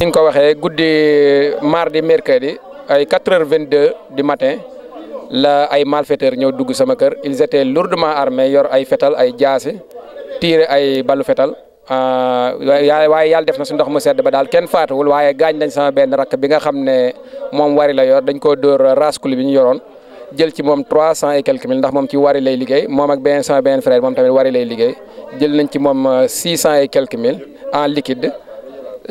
ñu ko waxee guddi mardi mercredi ay 4h22 du matin la ay malfaiteurs ñëw dugg sama kër ils étaient lourdement armés yor ay fetal ay jaasi tiire ay balu fetal ah, waaye yàlla def na su ndox mu sedd ba daal kenn faatuwul waaye gaañ nañ sama benn rakk bi nga xam ne moom wari la yor dañ koo dóor raskuli bi ñu yoroon jël ci moom trois cent et quelques mille ndax moom ci wari lay liggéey moom ak benn sama benn frère moom tamit wari lay liggéey jël nañ ci moom euh, six cent et en liquide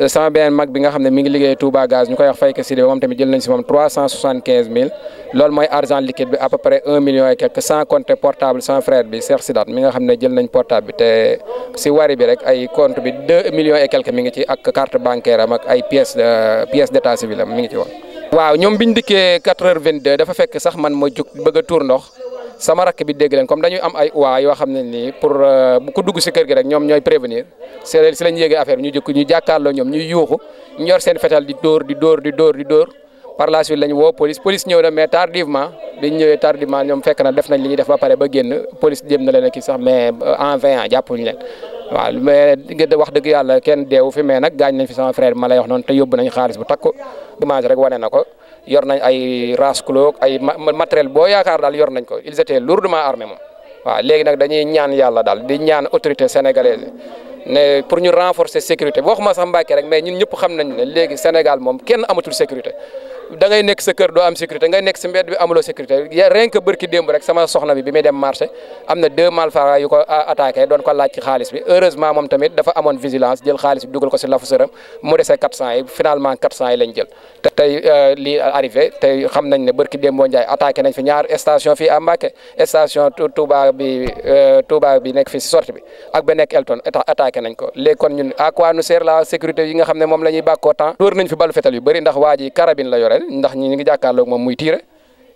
sama beneen mag bi nga xam ne mi ngi liggéey Touba gaz ñu koy wax Fayka Sidibé moom tamit jël nañ si moom trois mooy argent liquide bi à peu près un million et quelque sans compter portable sans frère bi Cheikh Sidat mi nga xam ne jël nañ portable bi te si wari bi rek ay compte bi deux millions et quelque mi ngi ak carte bancaire ay pièces pièces d'état civil am mi ngi waaw ñoom biñ dikkee quatre fekk sax man ma jug bëgg a sama rakk bi dégg leen comme dañuy am ay waa yoo xam ne ni pour euh, bu ko dugg si kër gi rek ñoom ñooy prévenir si si lañ yéegee affaire ñu jëkk ñu jàkkaarloo ñoom ñuy yuuxu ñu yor seen fetal di dóor di dóor di dóor di dóor par la suite lañ woo police police ñëw na mais tardivement biñ ñëwee tardivement ñoom fekk na def nañ li ñuy def ba pare ba génn police jéem na leen a kii sax mais euh, en vain jàppuñu leen waaw mais nga wax dëgg yàlla kenn deew fi mais nag gaañ nañ fi sama frère bi ma lay wax noonu te yóbbu nañ xaalis bu takku image rek wane na ko yor nañ ay rasclo ay matériel boo yakaar daal yor nañ ko ils étaient lourdement armés moom waaw nag dañuy ñaan yàlla daal di ñaan autorité sénégalaise ne pour ñu renforcer sécurité waxuma sax Mbàkke rek mais ñun ñëpp xam nañ ne léegi Sénégal moom kenn amatul sécurité da ngay nekk sa kër doo am sécurité ngay nekk si mbedd bi amuloo sécurité rien que bërki démb rek sama soxna bi bi muy dem marché am na deux malfrats yu ko attaqué doon ko laaj xaalis bi heureusement moom tamit dafa amoon vigilance jël xaalis bi dugal ko si lafu sëram mu dese 400 yi finalement 400 yi lañ jël te tey euh, lii arrivé tey xam nañ ne bërki démboo Njaay attaqué nañ fi ñaar station fi à station Touba bi euh, Touba bi nekk fii si sortie bi ak ba nekk Elton attaqué nañ ko léegi kon ñun à quoi nous sert la sécurité yi nga yu bëri ndax waa ji carabine la yore tiire ndax ñi ñu ngi jàkkaarloog moom muy tiire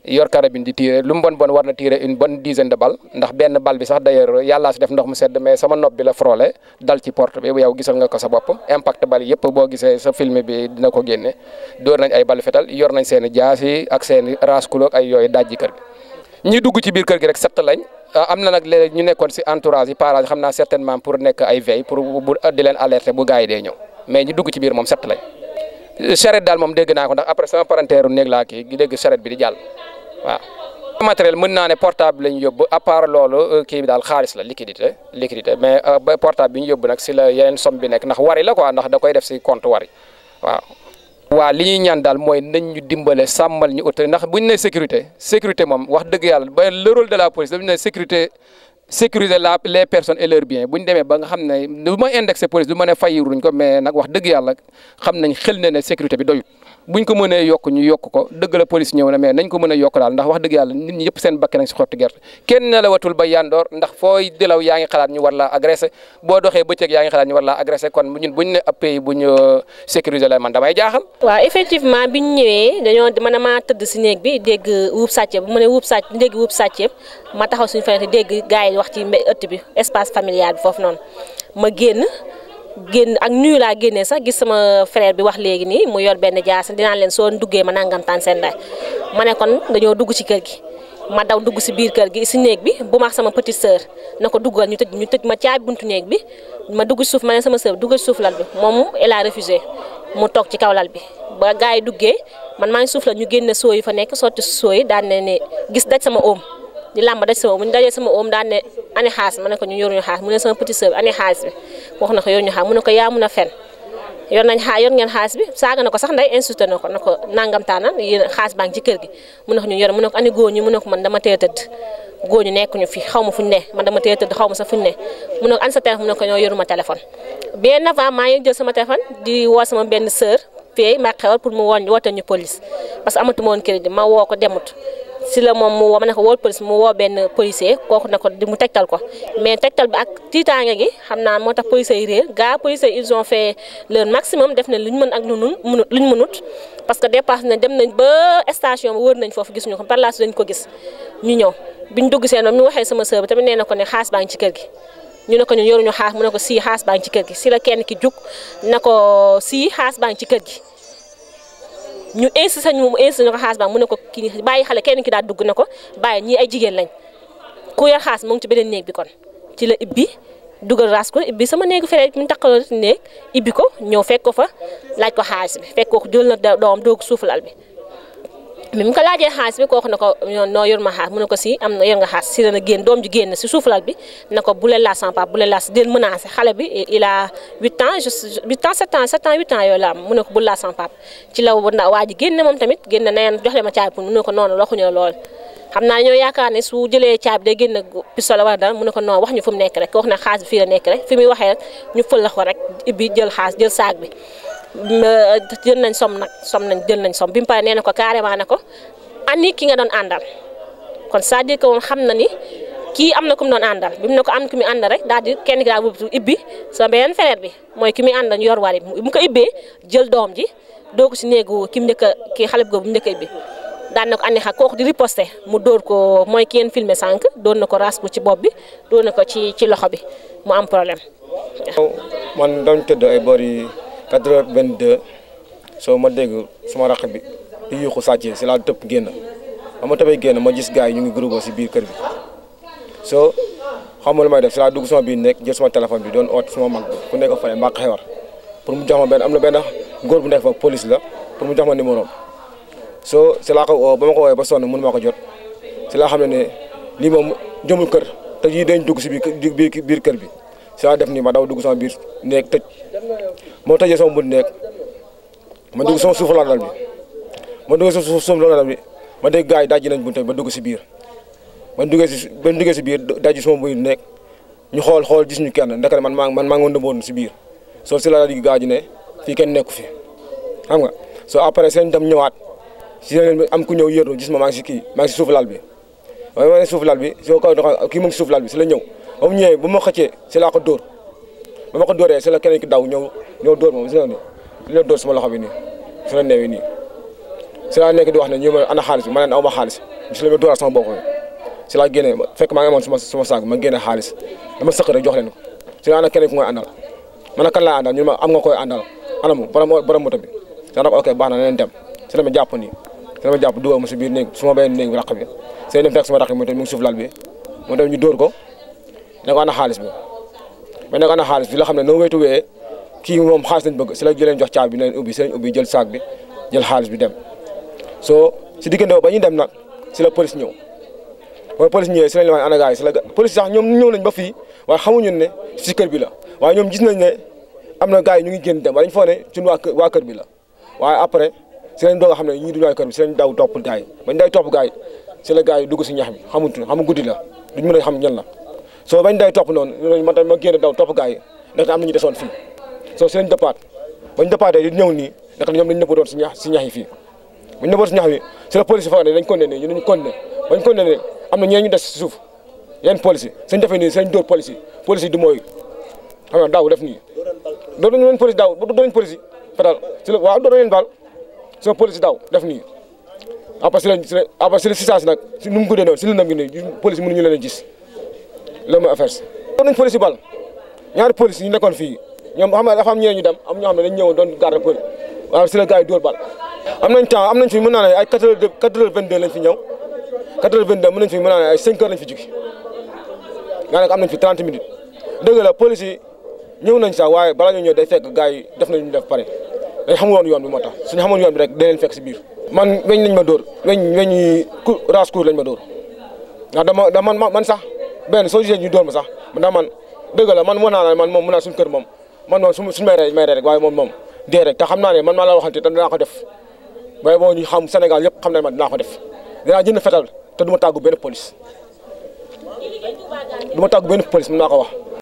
yor carabine di tiire lu mu bon bon na tiire une bonne dizaine de balles ndax benn balle bi sax d'ailleurs yàllaa si def ndox mu sedd mais sama nopp bi la frôlé dal ci porte bi yow gisal nga ko sa bopp impact balle yëpp boo gisee sa film bi dina ko génne dóor ay balle fetal yor nañ seen i jaas yi ak seen i raaskuloog ay yooyu dajji kër gi ñi dugg ci biir kër gi rek sett lañ ah, am na nag léeg ñu nekkoon si entourage yi parage xam naa certainement pour nekk ay veille mais ñi dugg ci biir moom sett charette daal moom dégg naa ko ndax après sa parenteeru néeg laa kii gi dégg charette bi di jàll matériel mën naa ne portable la ñu yóbbu à part loolu euh, kii bi daal xaalis la liquidité liquidité mais euh, portable bi ñu yóbbu nag si la yeneen somme bi nekk ndax wari la ko ndax da koy def si compte wari waaw. waaw li ñaan daal mooy nañ ñu dimbale sàmmal ñu autorité ndax buñ ne sécurité sécurité moom wax dëgg yàlla ba le rôle la police dañu ne sécurité sécuriser la les personnes et bien biens bu ñu demee ba nga xam ne du ma indexé police du ma ne fayiruñ ko mais nag wax dëgg yàlla xam nañ xel ne ne sécurité bi doyut buñ ko mënee yokk ñu yokk ko dëgg la police ñëw na mais nañ ko mën a yokk daal ndax wax dëgg yàlla nit ñi yëpp seen bakke nañ si xottu gerte kenn nelawatul ba yandoor ndax fooy delaw yaa ngi xalaat ñu war laa agressé boo doxee bëccëg yaa ngi xalaat ñu war laa agressé kon ñun buñ ne ab pays buñ euh, sécuriser la man damay jaaxal waaw effectivement biñ ñëwee dañoo man dama tëdd si néeg bi dégg wuub sàcce bu ma ne wuub sàcc dégg wuub sàcce ma taxaw si fenêtre dégg gars yi wax ci ëtt bi espace familial bi foofu noonu ma génn génn ak nuyu laa génnee sax gis sama frère bi wax léegi nii mu yor benn jaas dinaa leen soo duggee ma nangam seen ndaay ma ne dañoo dugg ci kër gi ma daw dugg si biir kër gi si néeg bi bu ma sama petite na ko duggal ñu tëj ñu tëj ma caabi buntu néeg bi ma dugg si suuf ma ne sama sœur duggal si suuf lal bi moom elle a refusé mu toog ci kaw lal bi ba gars yi duggee man maa ngi suuf la ñu génne soo yi fa nekk sotti soo yi daan ne ne gis daj sama oom. di làmb daj sama oom mu dajee sama oom daan ne ani xaalis ma ko ñu yoruñu xaalis mu ne bi ani xaalis yaa mun a fen yor nañ bi saaga na ko sax nday insulté na ko na ko nangam baa ngi ci kër gi mu ne ñu yor mu ne ko ko man dama tee tëdd nekkuñu fi xaw ma fuñu ne man dama tee tëdd xaw ma sax fuñu ne mu ne ko an sa téléphone mu ne ko ñoo yoruma téléphone bien avant maa ngi jël sama di woo benn sœur fee maa xewal pour mu woon woote ñu police parce que amatuma woon crédit ma woo ko demut si la moom mu woo ma ne ko woo police mu woo benn policier kook ne ko di mu tegtal ko mais tegtal bi ak tiitaange gi xam naa moo tax policiers yi réer gaa policiers yi ils ont fait leur maximum def na lu ñu mën ak lu ñu mënut lu ñu mënut parce que dépassé nañ dem nañ ba station bi wër nañ foofu gis ñu ko par la suite dañ ko gis ñu ñëw biñ dugg seen ñu waxee sama sœur bi tamit nee na ko ne xaas baa ngi ci kër gi ñu ne ko ñun yoruñu xaas mu ne ko sii xaas baa ngi kër gi si la kenn ki jug na ko sii xaas baa ngi ci kër gi ñu insisté ñu mu insisté ñu ko xaas ba mu ne ko kii bàyyi xale kenn ki daa dugg na ko bàyyi ñi ay jigéen lañ ku yor xaas mu ngi ci beneen néeg bi kon ci la ibbi dugal raas ko ibbi sama néegu fere mu taqaloo néeg ibbi ko ñëw fekk ko fa laaj ko xaalis bi fekk ko jël na doom doogu suuf suufalal bi bi mu ko laajee xaalis bi ko noo ma xaas mu na ko bu leen laal a huit la am mu moom tamit génn neen jox leen ma caabi pour mu ne ko noonu waxuñu la lool xam naa ñoo yaakaar ne su jëlee caabi day génn pistolet wala dara mu ne ko noonu wax ñu fu mu nekk rek wax na xaas bi fii la nekk rek fi muy waxee ñu fël la ko rek ibbi jël xaas jël saag bi jël nañ som nag som nañ jël nañ som bi mu paree nee na ko carrément ne ko ani ki nga doon àndal kon c'est-à-dire woon xam na ni kii am na ko mu doon àndal bi mu ko am ku mu àndal rek daal di kenn gaa wub ibbi sa beneen bi mooy ki muy àndal ñu yor wari mu ko ibbee jël doom ji doogu si néegu ki mu njëkk a kii bu mu njëkk a ibbi daan na ko andi xa kooku di riposté mu dóor ko mooy kenn yéen filmé sànq na ko ras ci bopp bi dóor na ko ci ci loxo bi mu am problème. man dañ tëdd ay bor quatre heures vingt deux soo ma dégg suma raq bi di yuuxu sàccee si laa tëpp génn am ma tëbee génn ma gis gaa yi ñu ngi groupe si biir kër bi soo xamul may def si laa dugg sama biir nekk jël sama téléphone bi doon oot suma mag bi ku nekk fale mbaa mu jox benn am na benn góor bu nekk fa police la pour mu jox ma numéro soo si laa ko woo ba ma ko woowee ba sonn mënu ma ko jot si laa xam ne ne lii moom jëmul kër te yii dañ dugg si biir biir kër bi si laa def ni ma daw dugg sama biir néeg tëj moo tëjee sama mbir néeg ma dugg sama suuf lal bi ma dugg sama suuf lal bi ma dégg gars yi dajji nañ bunte bi ma dugg si biir ma duggee si ba duggee si biir daj sama mbir néeg ñu xool xool gis ñu kenn ndekete man maa man maa ngi woon si biir soo si la di gars ne fii kenn nekku fi xam nga soo après seen dem ñëwaat si yeneen am ku ñëw yërlu gis ma maa si kii maa ngi si suuf lal bi waaye ma ne suuf lal bi soo ko si suuf lal bi si la ñëw ba mu ñëwee ba ma xëccee si laa door dóor ba ma ko dóoree si la keneen ki daw ñëw ñëw dóor moom si la nii si la dóor sama loxo bi nii si la neewee nii si laa nekk di wax ne ñu ma ana xaalis bi ma leen aw ma xaalis si la ma dóoraat sama bopp si laa génnee fekk maa ngi ma génne xaalis dama sëq rek leen ko si laa ana keneen ku ngay àndal ma ne kan laa àndal am nga koy àndal anamu borom borom moto bi si laa ok baax na la ma jàpp nii si la ma jàpp dugal ma si biir néeg su ma benn néeg raq bi si dem fekk sama raq bi mu ngi suuf lal bi moo dem ñu dóor ko ne ko ana xaalis bi mais ne ko ana xaalis bi la xam ne noo weytu wee kii moom xaalis lañ bëgg si la jëleen jox caabi bi ne leen ubbi si lañ jël saak bi jël xaalis bi dem soo si diggante ba ñuy dem nag si la police ñëw mooy police si lañ la wax ana la police sax ñoom ñëw nañ ba fii waaye xamuñu ne si bi la waaye ñoom gis nañ ne am na gars yi ñu ngi génn dem waaye dañ foo ne suñu waa waa bi la waaye après si lañ doog a xam ne ñii duñu daw topp gars yi bañ day topp gars yi si la gars yi dugg si ñax mi xamutu xamu guddi la duñ mën a xam ñan la soo bañ day topp noonu man tamit ma génn daw topp gars yi ndaxte am na ñu desoon fii soo si lañ dëppaat bañ dëppaatee di ñëw nii ndaxte ñoom dañ nëbbu doon si ñax si ñax yi fii buñ nëbboon si ñax yi si la police fag ne dañ condamné ñu neñu condamné bañ condamné am na ñeen ñu si suuf yenn police nii sañ dóor police yi police yi du mooy xam nga daaw nii doo dañu leen police daaw doo dañ police yi si la police daaw def nii après si la si la nag si nu mu guddee si la nam gi ne police mënuñu leen a gis loolu mooy affaire police bal ñaari police yi nekkoon fii ñoom xam nga dafa am ñeneen ñu dem am ñoo xam ne dañ ñëwoon doon garde la gars yi dóor bal am nañ temps am nañ fi mën naa ne ay 4 heures 4 heures 22 lañ fi ñëw 4 heures 22 mën fi mën naa ne ay 5 heures lañ fi jógee daanaka am nañ fi 30 minutes dëgg la police yi ñëw nañ sax waaye bala ñu ñëw day fekk gars yi def nañu def pare dañ xamul woon yoon bi moo tax suñu xamoon yoon bi rek dañ leen fekk si biir man weñ lañ ma dóor weñ weñ ku raas kuur ma dóor ndax dama man sax benn soo gisee ñu dóor ma sax ndax man dëgg la man mën naa la man moom mën naa suñu kër moom man moom suñu suñu may rey may waaye moom moom dee rek te xam naa ne man maa la waxante te dinaa ko def waaye boo ñu xam Sénégal yëpp xam nañ man dinaa ko def dinaa jënd fetal te du ma tàggu benn police du ma tàggu benn police mën naa ko wax